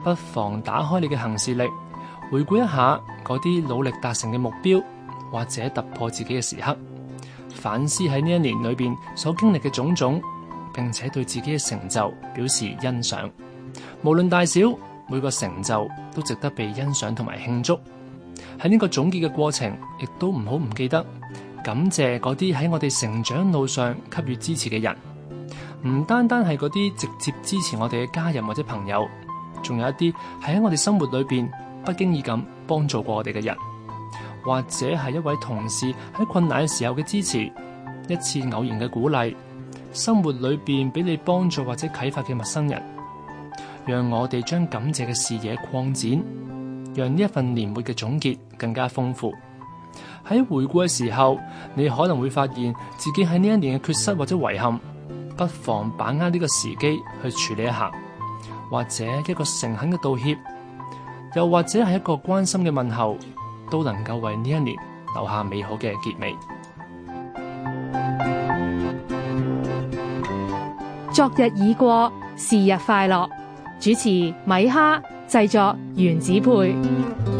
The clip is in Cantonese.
.不妨打開你嘅行事曆，回顧一下嗰啲努力達成嘅目標，或者突破自己嘅時刻，反思喺呢一年裏邊所經歷嘅種種，並且對自己嘅成就表示欣賞。無論大小，每個成就都值得被欣賞同埋慶祝。喺呢個總結嘅過程，亦都唔好唔記得感謝嗰啲喺我哋成長路上給予支持嘅人，唔單單係嗰啲直接支持我哋嘅家人或者朋友。仲有一啲係喺我哋生活裏邊不經意咁幫助過我哋嘅人，或者係一位同事喺困難嘅時候嘅支持，一次偶然嘅鼓勵，生活裏邊俾你幫助或者啟發嘅陌生人，讓我哋將感謝嘅視野擴展，讓呢一份年末嘅總結更加豐富。喺回顧嘅時候，你可能會發現自己喺呢一年嘅缺失或者遺憾，不妨把握呢個時機去處理一下。或者一個誠懇嘅道歉，又或者係一個關心嘅問候，都能夠為呢一年留下美好嘅結尾。昨日已過，是日快樂。主持米哈，製作原子配。